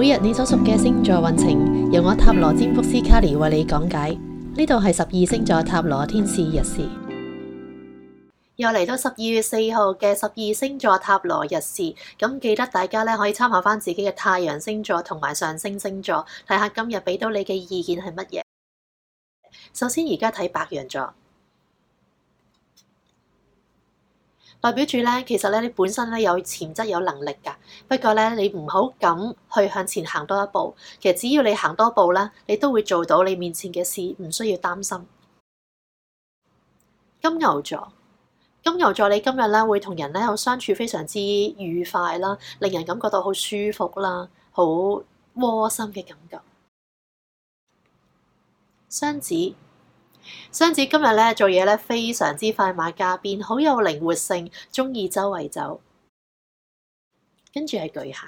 每日你所屬嘅星座運程，由我塔羅占卜師卡尼為你講解。呢度係十二星座塔羅天使日事，又嚟到十二月四號嘅十二星座塔羅日事。咁記得大家咧可以參考返自己嘅太陽星座同埋上升星，星座，睇下今日俾到你嘅意見係乜嘢。首先而家睇白羊座。代表住呢，其實呢，你本身呢，有潛質有能力㗎，不過呢，你唔好敢去向前行多一步。其實只要你行多步呢，你都會做到你面前嘅事，唔需要擔心。金牛座，金牛座你今日呢，會同人呢好相處，非常之愉快啦，令人感覺到好舒服啦，好窩心嘅感覺。雙子。雙子今日咧做嘢咧非常之快馬加鞭，好有靈活性，鍾意周圍走。跟住係巨蟹，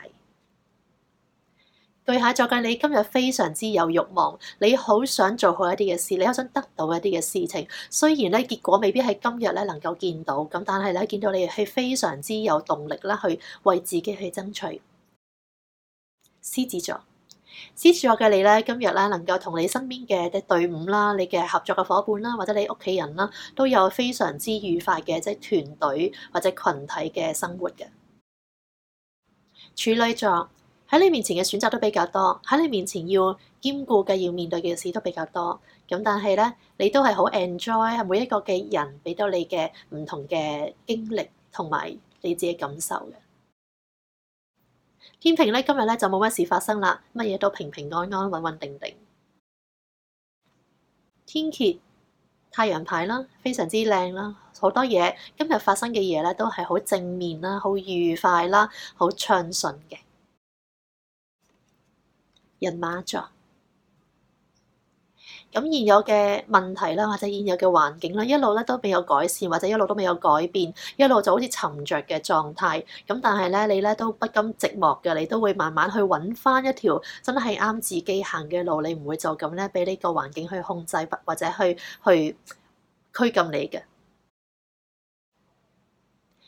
巨蟹座嘅你今日非常之有慾望，你好想做好一啲嘅事，你好想得到一啲嘅事情。雖然咧結果未必喺今日咧能夠見到，咁但係咧見到你係非常之有動力啦，去為自己去爭取。獅子座。獅子座嘅你咧，今日咧能夠同你身邊嘅隊隊伍啦，你嘅合作嘅伙伴啦，或者你屋企人啦，都有非常之愉快嘅，即係團隊或者群體嘅生活嘅。處女座喺你面前嘅選擇都比較多，喺你面前要兼顧嘅要面對嘅事都比較多，咁但係咧你都係好 enjoy 喺每一個嘅人俾到你嘅唔同嘅經歷同埋你自己感受嘅。天秤咧，今日咧就冇乜事發生啦，乜嘢都平平安安、穩穩定定。天蠍，太陽牌啦，非常之靚啦，好多嘢今日發生嘅嘢咧都係好正面啦、好愉快啦、好暢順嘅。人馬座。咁現有嘅問題啦，或者現有嘅環境啦，一路咧都未有改善，或者一路都未有改變，一路就好似沉着嘅狀態。咁但係咧，你咧都不甘寂寞嘅，你都會慢慢去揾翻一條真係啱自己行嘅路，你唔會就咁咧俾呢個環境去控制，或或者去去拘禁你嘅。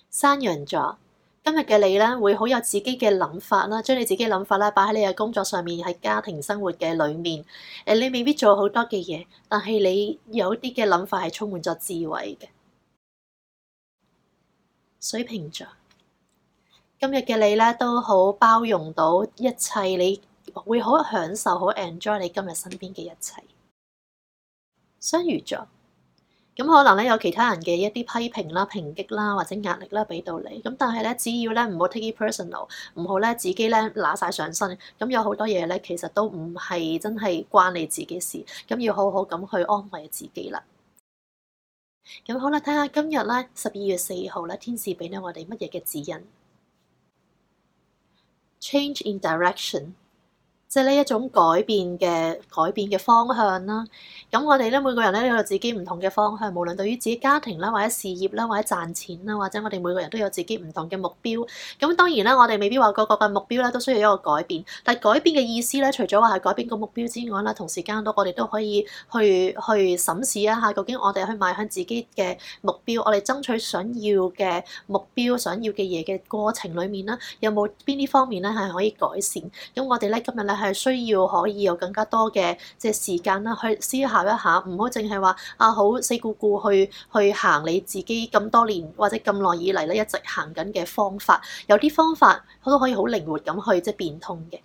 山羊座。今日嘅你咧，會好有自己嘅諗法啦，將你自己嘅諗法啦擺喺你嘅工作上面，喺家庭生活嘅裏面。誒，你未必做好多嘅嘢，但係你有啲嘅諗法係充滿咗智慧嘅。水瓶座，今日嘅你咧都好包容到一切，你會好享受，好 enjoy 你今日身邊嘅一切。雙魚座。咁可能咧有其他人嘅一啲批評啦、抨擊啦或者壓力啦俾到你咁，但係咧只要咧唔好 take it personal，唔好咧自己咧拿晒上身。咁有好多嘢咧，其實都唔係真係關你自己事。咁要好好咁去安慰自己啦。咁好啦，睇下今日咧十二月四號咧，天使俾到我哋乜嘢嘅指引？Change in direction。即係呢一種改變嘅改變嘅方向啦。咁我哋咧每個人咧都有自己唔同嘅方向，無論對於自己家庭啦，或者事業啦，或者賺錢啦，或者我哋每個人都有自己唔同嘅目標。咁當然啦，我哋未必話個個嘅目標咧都需要一個改變。但係改變嘅意思咧，除咗話係改變個目標之外啦，同時間都我哋都可以去去審視一下，究竟我哋去邁向自己嘅目標，我哋爭取想要嘅目標、想要嘅嘢嘅過程裡面啦，有冇邊啲方面咧係可以改善？咁我哋咧今日咧。係需要可以有更加多嘅即係時間啦，去思考一下，唔好淨係話啊好四顧顧去去行你自己咁多年或者咁耐以嚟咧一直行緊嘅方法，有啲方法都可以好靈活咁去即係變通嘅。